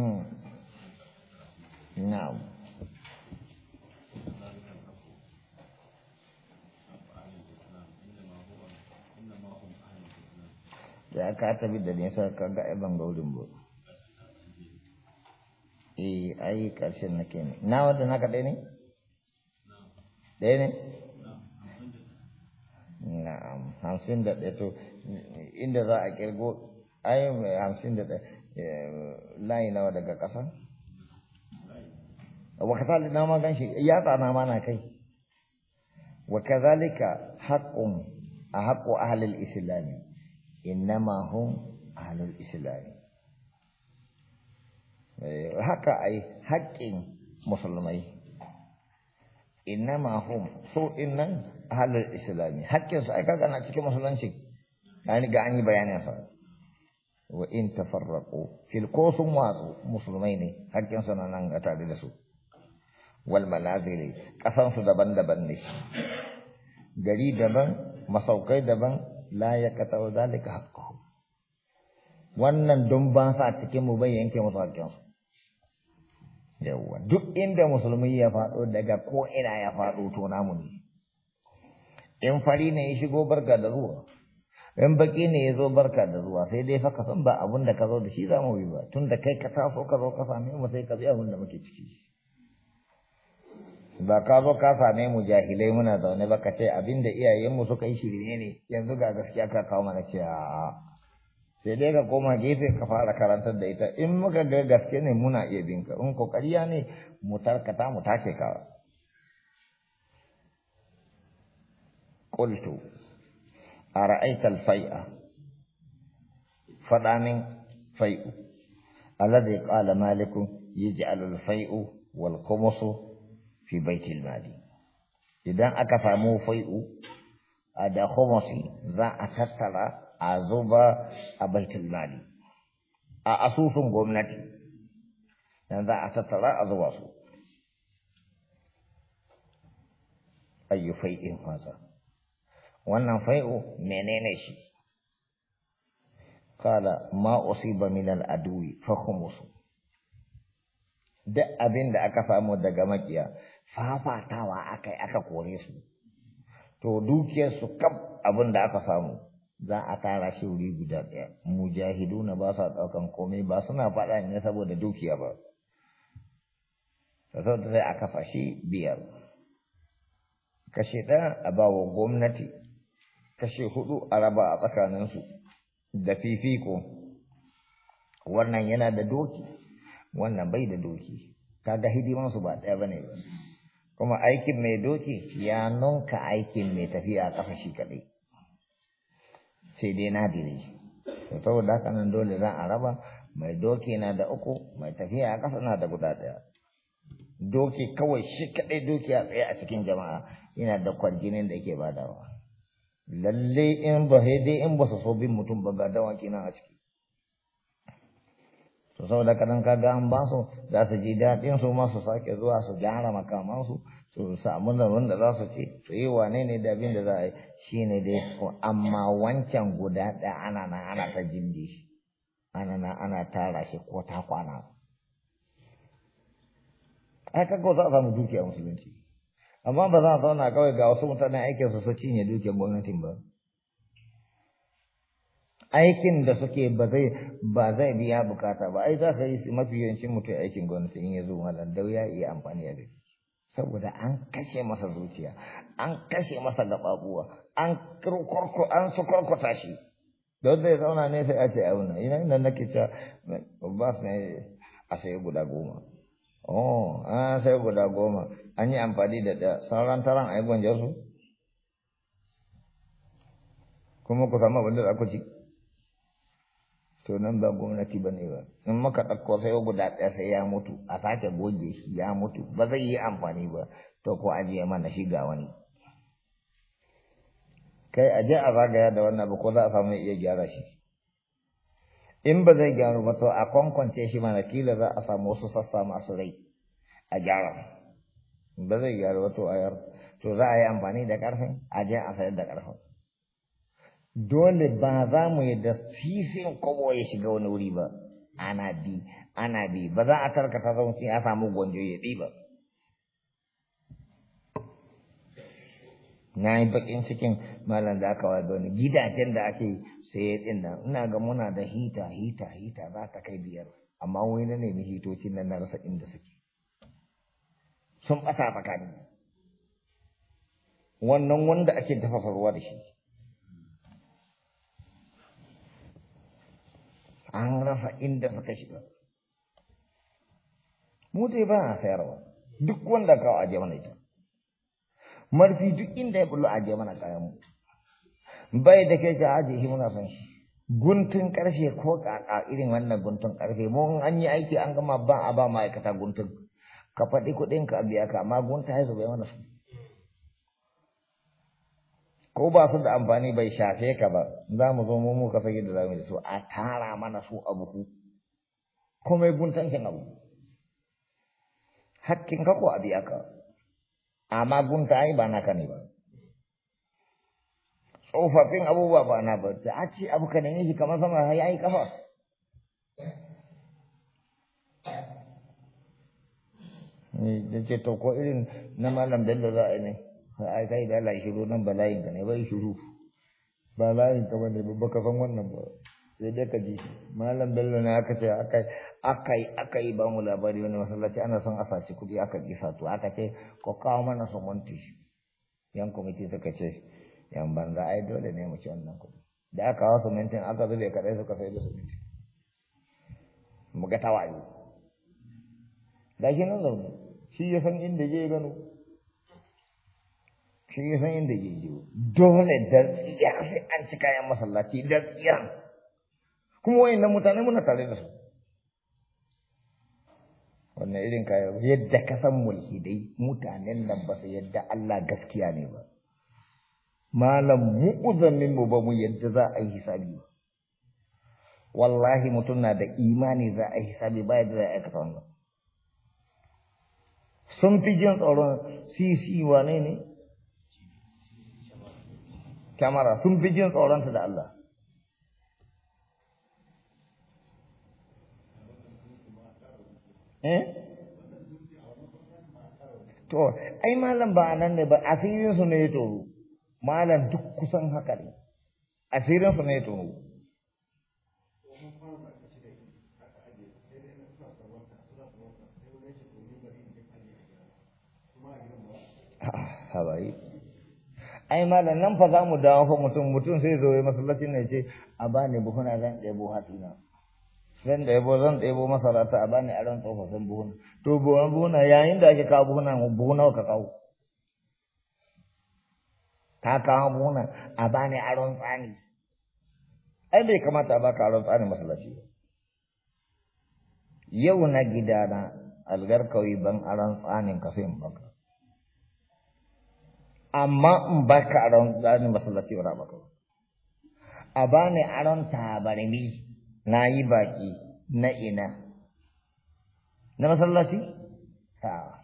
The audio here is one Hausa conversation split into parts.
Hmm. na'am da ka tafi da nesa ka ga ibn gaurin bo eh ai karshen ke ne nawa da naka dai ne dai ne na'am hamsin to inda za a kirgo ai hamsin Eh, layi nawa daga ƙasa wakazalika na ma ganshi yatsa na ma na kai wakazalika haqqun a haqqu ahlil islam innama a ahlul Islami. Eh, haka ai haƙƙin musulmai innama hum su innan ahlul Islami. haƙƙin su ai kaga na cikin musulunci ga an yi bayanin sa wa in tafarraqu fil qusum wa musulmai ne hakkin su nan ga da su wal manazili kasan su daban-daban ne gari daban masaukai daban la katau zalika hakku wannan don ba sa cikin mu bai yanke musu hakkin su yawa duk inda musulmi ya faɗo daga ko ina ya faɗo to namu ne in fari ne ya shigo barka da ruwa in baki ne ya zo barka da zuwa sai dai fa ka san ba abun da ka zo da shi za mu bi ba tun da kai ka taso ka zo ka same mu sai ka bi abun da muke ciki ba ka zo ka same mu jahilai muna zaune ba ka ce abin da iyayenmu suka yi shirme ne yanzu ga gaskiya ka kawo mana ce a sai dai ka koma gefe ka fara karantar da ita in muka ga gaske ne muna iya bin ka in kokariya ne mu tarkata mu take ka أرأيت الفيء فدامين فيء الذي قال مالك يجعل الفيء والقمص في بيت المال إذا أكفى فيء أدا خمصي ذا أكثر أزوبا أبيت المال أأسوس قمنتي ذا أكثر أزواسو أي فيء هذا wannan fai'u menene shi kala ma usiba min al adwi fa khumusu da abin da aka samu daga makiya fafatawa akai aka kore su to dukiyar su kab abin da aka samu za a tara shi wuri guda ɗaya mujahiduna ba sa ɗaukan komai ba suna faɗa ne saboda dukiya ba saboda sai a kasa biyar Kashe ɗaya a bawa gwamnati kashe hudu a raba a tsakaninsu da fifiko wannan yana da doki wannan bai da doki Ta kaga hidimansu ba ɗaya bane ba kuma aikin mai doki ya nunka aikin mai tafiya a ƙafa shi kaɗai sai dai nadiri to saboda haka nan dole za a raba mai doki na da uku mai tafiya a ƙasa na da guda ɗaya doki kawai shi kaɗai doki a tsaye a cikin jama'a yana da kwarginin da yake badawa lalle in ba sai dai in ba su so bin mutum ba ga dawaki na a ciki to saboda kadan kaga an ba su za su ji daɗin su ma su sake zuwa su gyara makaman su su samu da da za su ce to yi wane ne da abin da za a yi shi dai amma wancan guda ɗaya ana na ana ta jindi shi ana na ana tara shi ko ta kwana ai kaga za a samu dukiya musulunci amma ba za a zauna kawai ga wasu mutanen aikin su su cinye dukiyar gwamnatin ba aikin da suke ba zai ba zai biya bukata ba ai za ka yi mafi yawancin mutum aikin gwamnati in ya zo malam dau ya iya amfani da shi saboda an kashe masa zuciya an kashe masa gababuwa an kurkurku an su kurkuta shi don ya zauna ne sai a ce a auna ina ina nake ta ba su ne a sai guda goma Oh, ah, sai guda goma. An yi amfani da ɗaya. Sauran taron a yi gwanjar su? Kuma ku samu abin da ku ci? To nan ba gwamnati ba ne ba. In maka ɗauko guda ɗaya sai ya mutu, a sake goge ya mutu, ba zai yi amfani ba. To ko ajiye mana shi ga wani. Kai je a zagaya da wannan ba ko za a samu iya gyara shi. in ba zai gyaru ba to a kwankwance shi mana kila za a samu wasu sassa masu rai a gyara ba zai gyaru ba a yar to za a yi amfani da karfin a je a sayar da karfin dole ba za mu yi da sisin kobo ya shiga wani wuri ba ana bi ana bi ba za a tarkata zaunci a samu gwanjo ya ɗi ba na yi bakin cikin malam da aka wado ni gidajen da ake saye din nan ina ga muna da hita hita hita za ta kai biyar amma wai na nemi hitocin nan na rasa inda suke sun ɓata tsakani wannan wanda ake tafasa ruwa da shi an rasa inda suka shiga mu dai ba sayarwa duk wanda kawo aje mana ita marfi duk inda ya bullo aje mana kayan mu bai da kai ka aje shi muna son shi guntun karfe ko kaka irin wannan guntun karfe mu an yi aiki an gama ba a ba ma'aikata guntun ka faɗi kuɗin ka biya ka amma gunta ya zubai mana ko ba su da amfani bai shafe ka ba za mu zo mu ka fage da zamu da su a tara mana su a buhu komai guntan kin abu hakkin ka ko a biya ka amagun tai gunta ai ba naka ne ba tsofaffin ba na ba a ce abu ka neme shi kamar sama ya yi kafa da ce to ko irin na malam bello za a ne Ai kai da ala shiru nan bala'i ka ne bai shiru Bala'i ka ne ba ka san wannan ba sai dai ka ji malam bello ne aka ce akai akai akai ba mu labari wani masallaci ana son a saci kudi aka ji satu aka ce ko kawo mana su munti yan kwamiti suka ce yan banza ai dole ne mu ci wannan kuɗi da aka kawo su mintin aka zube kaɗai suka sai da su minti mu ga tawayi da shi nan zaune shi ya san inda je gano shi ya san inda je jiwo dole da tsiya sai an ci kayan masallaci da tsiya kuma wayannan mutane muna tare da su wannan irin kaya yadda ka san mulhidai mutanen nan ba su yadda Allah gaskiya ne ba malam mu'uzamin mu ba mu yadda za a yi hisabi wallahi mutum na da imani za a yi hisabi ba yadda za a aikata wannan sun fi jin tsoron sisi wane ne kyamara sun fi jin tsoronta da Allah Eh? to ai malam ba nan ne ba asirin su ne ya toru malam duk kusan haka ne asirin su ne ya toru ah, hawaii ai malam nan fa za mu dawo fa mutum mutum sai zo ya masallacin ne ce a bani buhuna zan ɗebo na. zan ɗebo zan ɗebo masarata a bani aron tsofaffin buhuna to buhun buhuna yayin da ake kawo buhuna buhuna ka kawo ka kawo buhuna a bani aron tsani ai bai kamata a baka aron tsani masallaci ba yau na gidana algar kauyi ban aron tsanin ka sai in baka amma in baka aron tsanin masallaci ba na baka a bani aron tabarmi na yi baƙi na ina na masallaci ta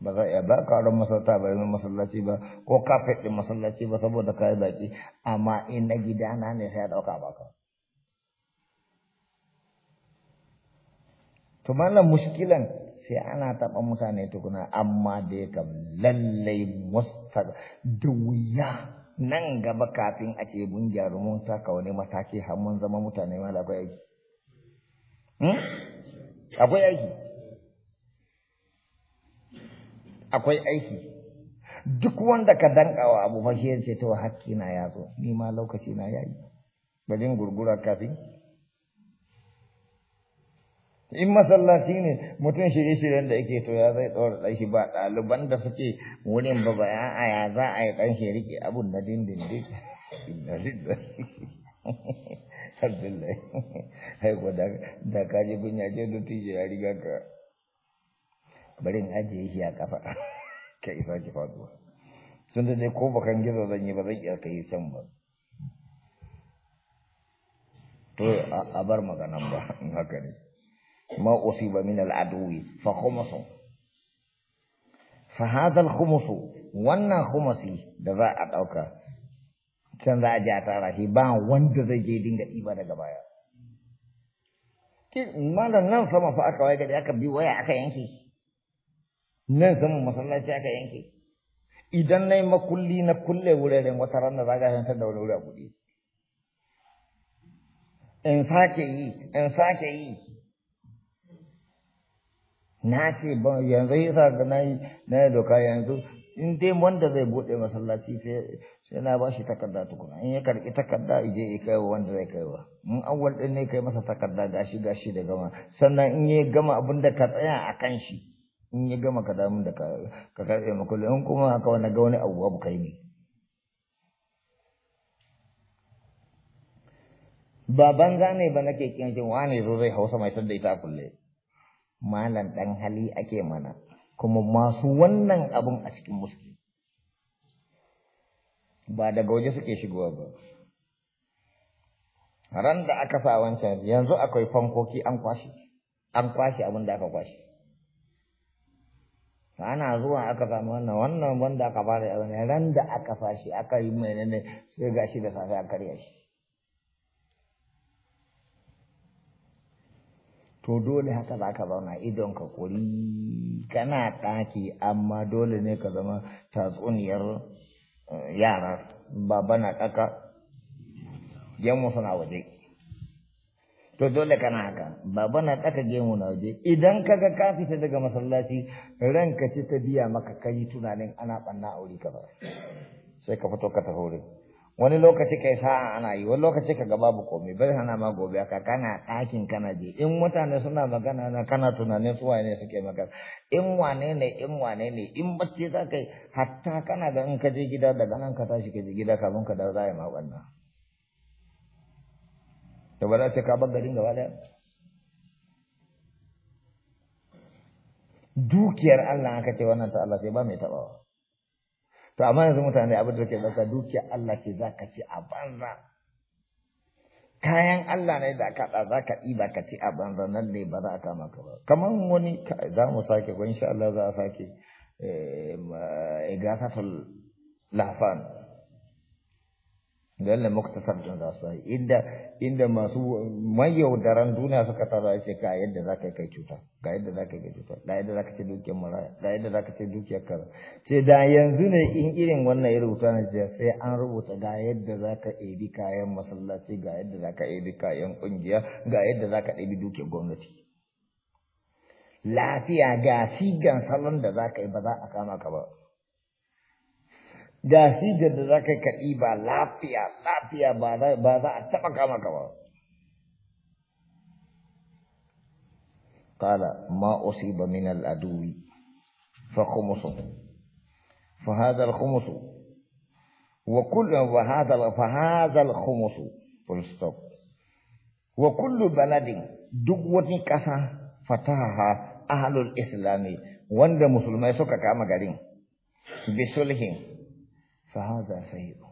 ba za a ba karon masauta ba yin masallaci ba ko kafet ɗin masallaci ba saboda yi baƙi amma ina gida na ne sai ya ɗauka ba ka to malam mushkilan sai ana taɓa mutane tukuna amma dai kam lallai mustaq da wuya nan gaba kafin a ce mun gyaru mun taka wani mataki har mun zama mutane ma da akwai aiki hmm? akwai aiki akwai aiki duk wanda ka dankawa abu fa ce to hakki na ya zo ni ma lokaci na yayi bajin gurgura kafin in masallaci ne mutum shirye-shiryen da yake to ya zai tsawar ɗan shi ba ɗaliban da suke wurin ba bayan a ya za a yi ɗan shi rike abun na dindindin Abdullahi haiko da kaji kunya ce da tije ya riga ka barin ajiye shi a kafa ka isa ki faduwa sun ko bakan gizo zan yi ba zan iya kai can ba to a bar maganan ba in haka ne ما أصيب من العدو فخمس فهذا الخمس وانا خمسي دذا أدوك can za a ji a tara shi ba wanda zai je dinga ɗiba daga baya. mana nan sama fa aka waye gari aka bi waya aka yanke. Nan sama masallaci aka yanke. Idan na yi makulli na kulle wuraren wata ranar za ga hantar da wani wuri a kuɗi. In sake yi, in sake yi, na ce ba yanzu yasa ga na yi na doka yanzu in dai wanda zai bude masallaci sai na ba takarda tukuna in ya karki takarda ije ya kai wanda zai kai wa in awwal din ne kai masa takarda gashi gashi da gama sannan in ya gama abin da ka tsaya a kan shi in ya gama ka damu da ka karbe ma in kuma haka wani ga wani abu abu kai ne ba banza ne ba nake kin wani zo zai hausa mai tadda ita kulle malam ɗan hali ake mana kuma masu wannan abun a cikin musulmi ba daga waje suke shigowa ba ran da aka sa wancan yanzu akwai fankoki an kwashe an kwashi abin da aka kwashe ana zuwa aka samu wannan wannan wanda aka fara ran da aka fashi aka yi mai ne sai gashi da safe aka karya shi to dole haka za ka zauna idon ka kuri kana ɗaki amma dole ne ka zama tatsuniyar eh, yara baba na ɗaka gemu suna waje to dole kana haka baba na ɗaka gemu na waje idan ka ga ka fita daga masallaci ranka ci ta biya maka kai tunanin ana ɓanna wuri ka ba sai ka fito ka tafi wani lokaci kai sa'a ana yi wani lokaci ka gaba bu komai bai hana ma gobe ka kana ɗakin kana je in mutane suna magana na kana tunanin su wane suke magana in wane ne in wane ne in bacci za ka yi hatta kana da in ka je gida daga nan ka tashi ka je gida kafin ka dawo za a yi maƙwanna da ba za su ka bar garin gaba ɗaya dukiyar Allah aka ce wannan ta Allah sai ba mai taɓawa to amma yanzu mutane abin da ke ɗauka dukiya Allah ce za ka ci a banza kayan Allah ne da aka ɗa za ka ɗiba ka ci a banza nan ne ba za a kama ka ba kamar wani za mu sake ko insha Allah za a sake igasatul eh, eh, lafan wannan muktasar da za su yi inda inda masu mayaudaran duniya suka tara ce ga yadda za ka kai cuta ga yadda za ka kai cuta ga yadda za ka ce dukiyar maraya ga yadda za ka ce dukiyar kaza ce da yanzu ne in irin wannan ya rubuta na jiya sai an rubuta ga yadda za ka ɗebi kayan masallaci ga yadda za ka ɗebi kayan ƙungiya ga yadda za ka ɗebi dukiyar gwamnati lafiya ga sigan salon da za ka yi ba za a kama ka ba ga shi da za ka ba lafiya lafiya ba za a taɓa kama ka ba قال ما أصيب من العدو فخمس فهذا الخمس وكل وهذا فهذا الخمس ستوب وكل بلد دقوة كسا فتحها أهل الإسلام وند مسلمي سوكا كما غارين بسلهم fahaza fahimu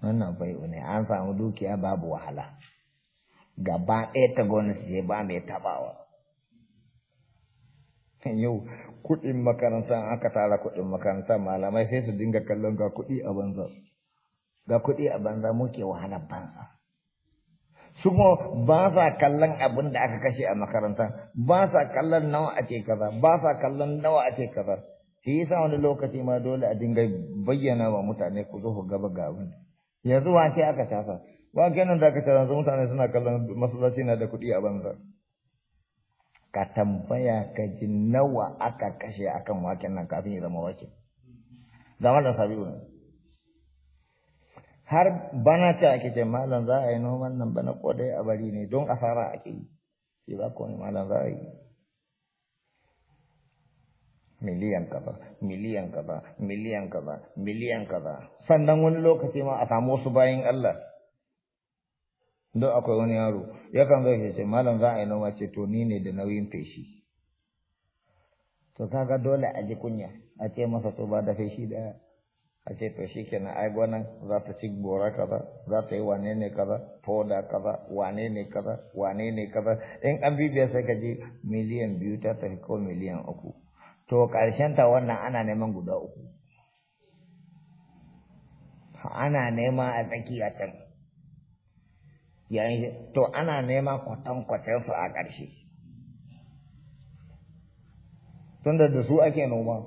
wannan bai'u ne an samu dukiya babu wahala gaba ɗaya ta su je ba mai tabawa yau kuɗin makaranta aka tara kuɗin makaranta malamai sai su dinga kallon ga kuɗi a banza ga kuɗi a banza muke wahalar banza su ba sa kallon abin da aka kashe a makaranta ba sa kallon nawa ake kaza ba sa kallon nawa ake kaza shi yasa wani lokaci ma dole a dinga bayyana wa mutane ku zo ku gaba ga abin yanzu wake aka shafa wake nan da aka shafa yanzu mutane suna kallon masallaci na da kuɗi a banza ka tambaya ka ji nawa aka kashe akan waken nan kafin ya zama wake zama da sabi'u ne har bana ce ake ce malam za a yi noman nan bana kodai a bari ne don asara ake yi sai ba ko malam za a yi miliyan kaza miliyan kaza miliyan kaza miliyan kaza sannan wani lokaci ma a samu wasu bayan Allah don akwai wani yaro Ya kan zai ce malam za a yi noma ce to ni ne da nauyin feshi to kaga dole a ji kunya a ce masa to ba da feshi da. a ce to shi kenan ai gwanan za ta ci gora kaza za ta yi wane ne kaza foda kaza wane ne kaza wane ne kaza in an bibiya sai ka ji miliyan biyu ta tafi ko miliyan uku to ƙarshen ta wannan ana neman guda uku ana nema a tsaki a can to ana nema kwatan su a ƙarshe tunda da su ake noma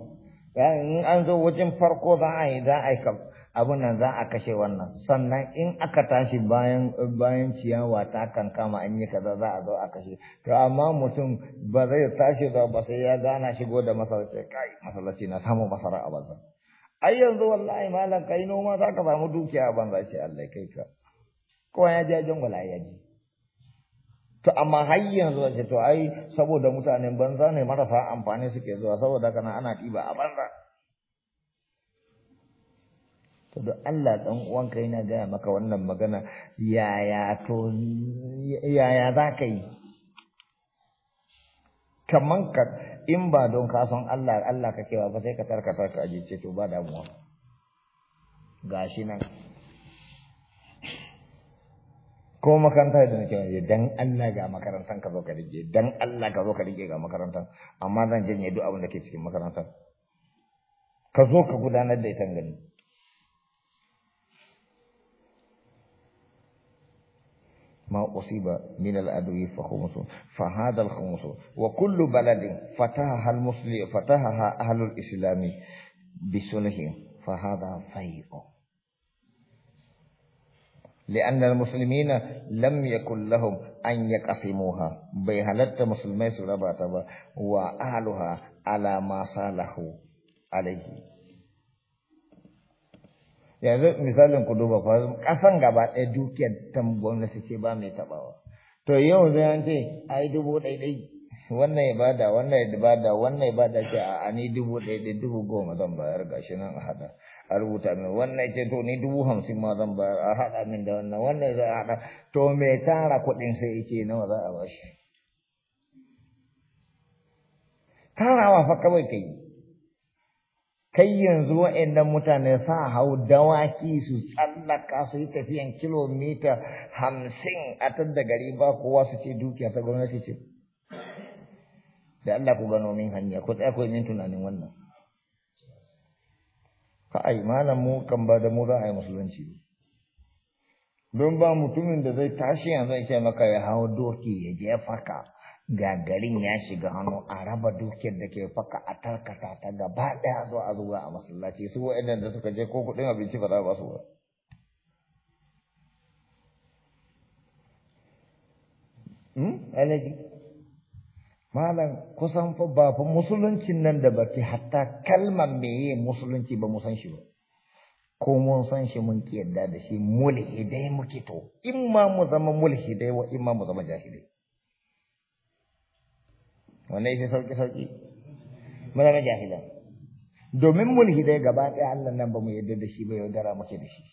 in an zo wajen farko za a yi za a yi abin nan za a kashe wannan sannan in aka tashi bayan bayan ciyawa ta kan kama an yi kaza za a zo a kashe to amma mutum ba zai tashi ba ba sai ya gana shigo da masallaci kai masallaci na samu masara a banza ai yanzu wallahi malam kai noma za ka samu dukiya a banza ce Allah kai ka kowa ya je jangwala ya ji to amma har yanzu ce to ai saboda mutanen banza ne marasa amfani suke zuwa saboda kana ana diba a banza da Allah dan uwanka yana gaya maka wannan magana yaya to yaya za ka yi kaman ka in ba don ka san Allah Allah ka kewa ba sai ka tarkata ka ce to ba damuwa gashi nan ko makaranta da nake yi dan Allah ga makarantan ka zo ka rike dan Allah ka zo ka rike ga makarantan amma zan janye duk abin da ke cikin makarantan ka zo ka gudanar da ita gani أصيب من الأدوية فخمس فهذا الخمس وكل بلد فتحها المسلم فتحها أهل الإسلام بسنه فهذا فيء لأن المسلمين لم يكن لهم أن يقسموها بهلت مسلمي سورة وأهلها على ما صالحوا عليه yanzu misalin ku duba kwa kasan gaba ɗaya dukiyar tan gwamnati ce ba mai tabawa to yau zai an ce ai dubu ɗai ɗai wannan ibada wannan ibada wannan ibada ce a ni dubu ɗai ɗai dubu goma zan bayar gashi nan a haɗa a rubuta min wannan ce to ni dubu hamsin ma zan bayar a haɗa min da wannan wannan zai haɗa to me tara kuɗin sai ce nawa za a bashi tarawa fa kawai ka yi kai yanzu wa'annan mutane sa hau dawaki su tsallaka su yi tafiyan kilomita hamsin a tun da gari ba kowa su ce dukiya ta gwamnati ce da Allah ku gano min hanya ku tsaya ku min tunanin wannan ka ai malam mu kan ba da mu za a yi musulunci don ba mutumin da zai tashi yanzu ya ce maka ya hau doki ya jefa ka ga garin ya shiga hannu a raba dukiyar da ke faka a tarkata ta gaba ɗaya zuwa a zuwa a masallaci su waɗanda da suka je ko kuɗin abinci ba za ba su ba hmm? alaji malam kusan fa ba fa musuluncin nan da baki hatta kalmar meye musulunci ba mu san shi ba ko mun san shi mun ki yadda da shi mulhidai muke to in mu zama mulhidai wa in mu zama jahilai wannan yake sauki sauki muna na jahila domin mun hidai gaba ɗaya Allah nan ba mu yadda da shi ba dara muke da shi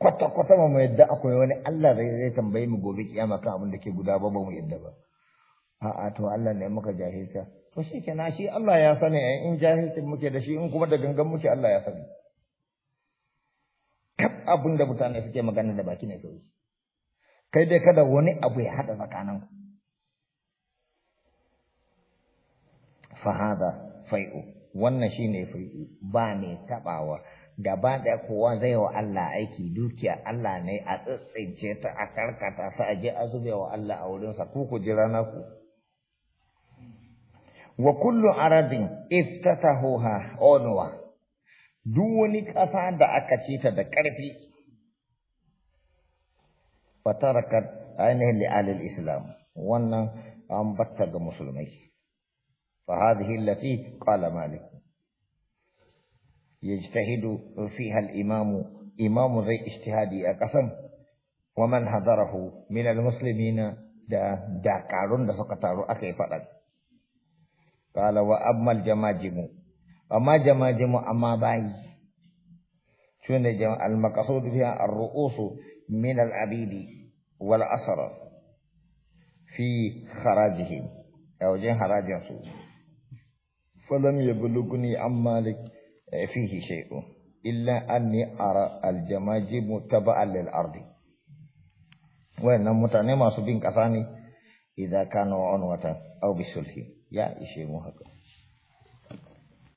kwata kwata ba mu yadda akwai wani Allah zai zai tambaye mu gobe kiyama kan abin da ke guda ba ba mu yadda ba a'a to Allah ne muka jahilta to shi ke na shi Allah ya sani in jahilcin muke da shi in kuma da gangan muke Allah ya sani kaf abin da mutane suke magana da baki ne kawai kai dai kada wani abu ya haɗa tsakaninku fahada fai'u wannan shine fai'u ba ne tabawa gaba da kowa zai wa Allah aiki dukiya Allah ne a tsintsince ta a karkata sa je a zube wa Allah a wurin sa ku ku jira na ku wa kullu aradin iftatahuha onwa duk wani kasa da aka ci ta da karfi fatarakat ainihin li alil islam wannan an batta ga musulmai فهذه التي قال مالك يجتهد فيها الإمام إمام زي اجتهادي أقسم ومن حضره من المسلمين دا داكارون دا سقطارو أكي فقط قال وأما الجماجم أما جماجم أما باي شون المقصود فيها الرؤوس من العبيد والأسر في خراجهم أو جن خراجهم فلم يبلغني عن مالك آه، فيه شيء إلا أني أرى الجماج متبعا للأرض وأن متعني ما سبين كساني إذا كانوا عنوة أو بسلحي يا إشي مهكو